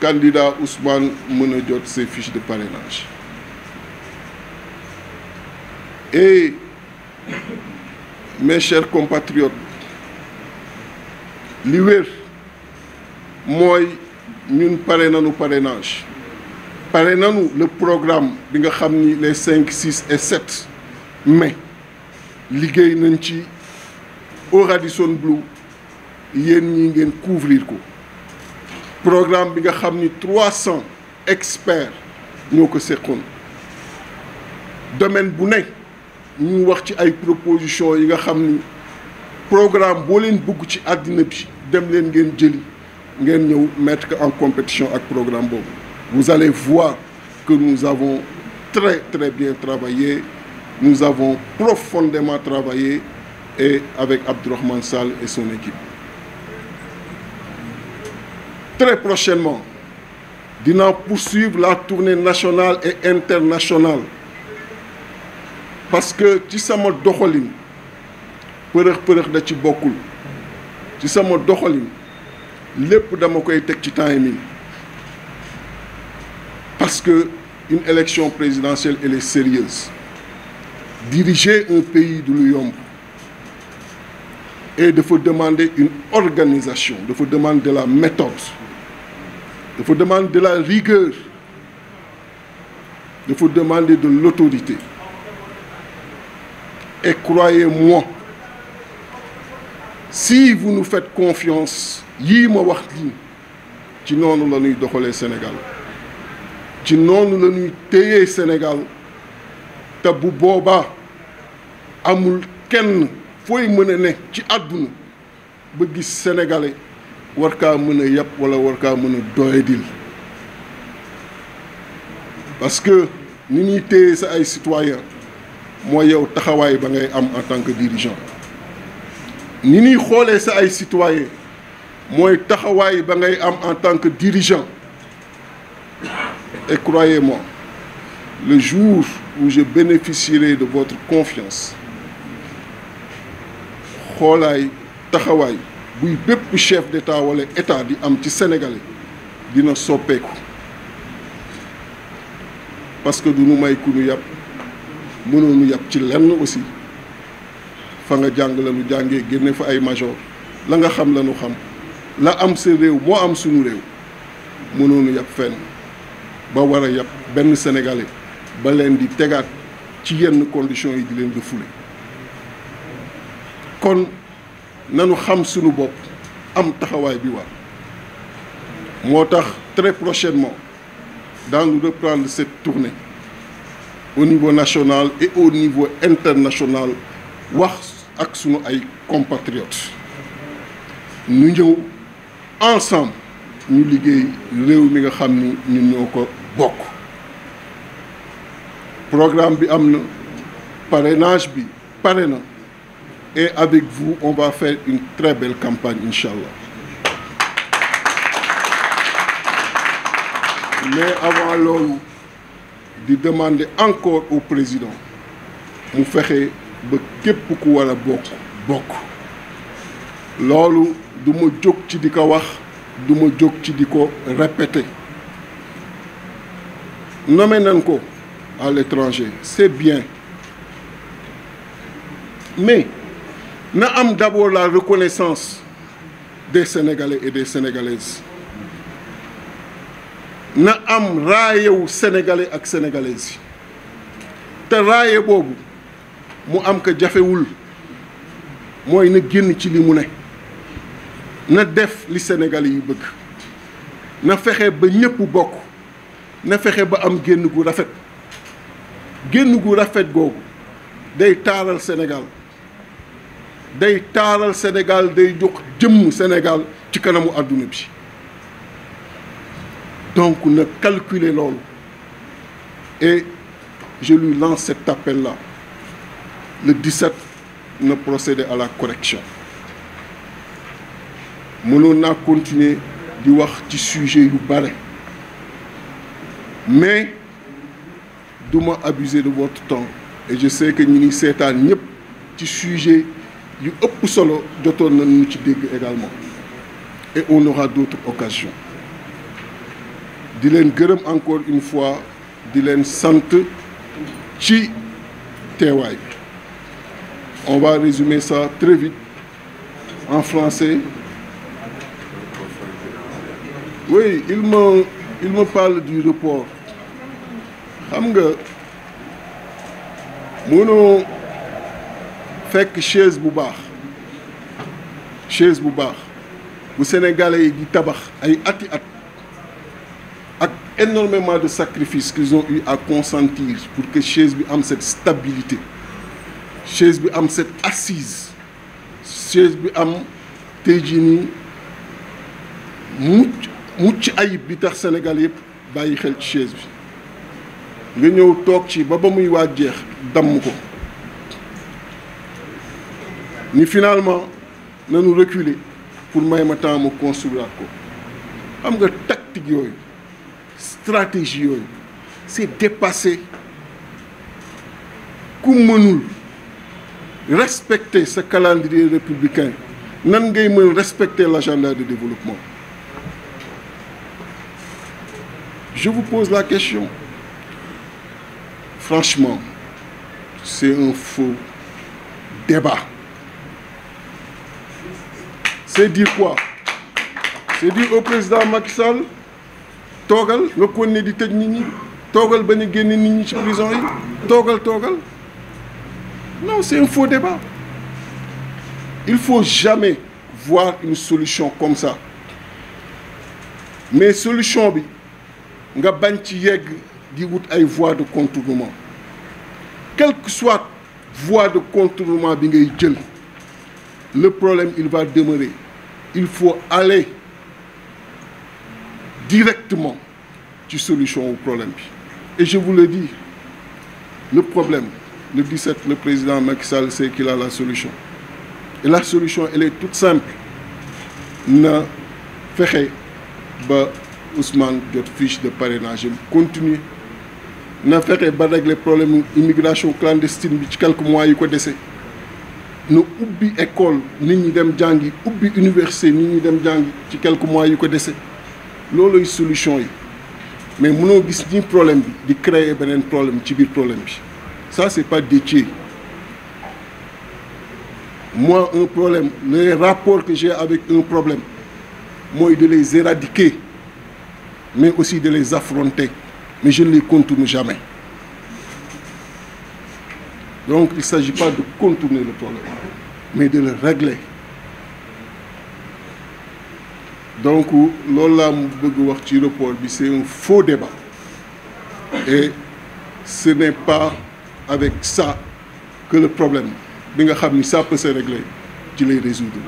candidat Ousmane mën a jot ses fiches de parrainage et compatriot chers li wér mooy ñun pare nanu parenage pare nanu le programme bi nga xam ni les cinq six et sept mai liggéey nañ ci au Radisson Blu yéen ñi ngeen couvrir ko programme bi nga xam ni trois cents experts ñoo ko seqoon domaine bu ne ñu wax ci ay propositions yi nga xam ni programme boo leen bëgg ci àddina bi dem leen ngeen jëli ngeen ñëw mettre en compétition ak programme boobu vous allez voir que nous avons très très bien travaillé nous avons profondément travaillé et avec Abdourahmane Sall et son équipe très prochainement dinaa poursuivre la tournée nationale et internationale parce que ci sama doxalin përëx përëx da ci bokkul ci sama doxalin lépp dama koy teg ci timing parce que une élection présidentielle elle est sérieuse diriger un pays du lu yomb et dafa demander une organisation dafa demander de la méthode Il faut demander de la rigueur. Il faut demander de l'autorité. Et croyez-moi, si vous nous faites confiance, yii ma wax lii ci noonu la ñuy doxalee Sénégal ci noonu la ñuy téyee Sénégal te bu boobaa amul kenn fooy mën a ne ci àdduna ba gis sénégalais. war kaa mën a yàpp wala war kaa mën a dil parce que ni ñuy téye sa ay citoyen mooy yow taxawaay ba ngay am en tant que dirigeant ni ñuy xoolee sa ay citoyen mooy taxawaay ba ngay am en tant que dirigeant et croyez-moi le jour où je bénéficierai de votre confiance xoolaay taxawaay buy bépp chef de wala état di am ci sénégalais dina soppeeku parce que du nu may ku yàpp mënoonu yàpp ci lenn aussi fa nga jàng la nu jàngee génne fa ay major la nga xam la xam la am sa réew moo am sunu réew mënoonu yàpp fenn ba war a yàpp benn sénégalais ba leen di tegaat ci yenn conditions yi di leen di fule kon nanu xam sunu bopp am taxawaay bi waa moo tax très prochainement daanu reprendre cette tournée au niveau nationale et au niveau international wax ak sunu ay compatriotes ñu ñëw ensemble ñu liggéey réew mi nga xam ni ñun ñoo ko bokk programme bi am na parrainage bi pare na et avec vous, on va faire une très belle campagne, Inch'Allah. Mais avant l'ONU, de demander encore au président, nous faire képp ku war bokk loolu du ma jóg ci di ko wax du ma jóg ci di ko répéter nommé nañ ko à l'étranger c'est bien mais na am d'abord la reconnaissance de Sénégalais et des Sénégalaises na am raayewu sénégalais ak sénégalaises yi te raaye boobu mu am ko jafewul mooy na génn ci li mu ne na def li sénégalais yu bëgg na fexe ba ñëpp bokk na fexe ba am génn gu rafet génn gu rafet googu day taaral Sénégal day taaral Sénégal day jox jëmm Sénégal ci kanamu àdduna bi donc na calculer loolu et je lui lance cet appel là le 17 na procéder à la correction mënoon naa continuer di wax ci sujet yu bare mais duma abuser de votre temps et je sais que ñu ngi seetaan ñëpp ci sujet yu ëpp solo jotoon nañu ci dégg également et on aura d'autres occasions di leen gërëm encore une fois di leen sant ci teewaay on va résumer ça très vite en français oui il me il me parle du report xam nga mënoo fekk chaise bu baax chaise bu baax bu sénégale yi di tabax ay ati at ak énormément de sacrifices qu'ils ont u à consentir pour que chaise bi am cette stabilité chaise bi am cette assise chaise bi am tey jii nii mucc mucc ayib bi tax Sénégal yëpp bàyyi xel chaise bi nga ñëw toog ci ba ba muy waaj jeex damm ko ni finalement nañu reculer pour may ma temps ma construire ko xam nga tactique yooyu stratégie yooyu c'est dépassé ku mënul respecter sa calendrier républicain nan ngay mën respecter l'agenda de développement je vous pose la question franchement c'est un faux débat c'est dire quoi c'est dire au président Macky Sall toogal nga continuer di tëj nit ñi toogal ba ñu génne nit ñi ci prison yi toogal toogal non c'est un faux débat il faut jamais voir une solution comme ça mais solution bi nga bañ ci yegg di wut ay voies de contournement quelque que soit voie de contournement bi ngay jël le problème il va demeurer il faut aller directement ci solution au problème bi et je vous le dis le problème le 17 le président Macky Sall sait qu'il a la solution et la solution elle est toute simple na fexe ba Ousmane jot de parrainage am continuer na fexe ba régler problème immigration clandestine bi ci quelques mois yu ko dese na ubbi école nit ñu dem jàngi ubbi université nit ñi dem jàngi ci quelques mois yu ko dese looloy solution yi mais mënoo gis ni problème bi di créer beneen problème ci biir problème bi ça c'est pas Déthié moi un problème les rapports que j'ai avec un problème mooy de les éradiquer mais aussi de les affronter mais je les contourne jamais Donc il ne s'agit pas de contourner le problème, mais de le régler. Donc, c'est un faux débat. Et ce n'est pas avec ça que le problème, ça peut se régler, tu les résoudre.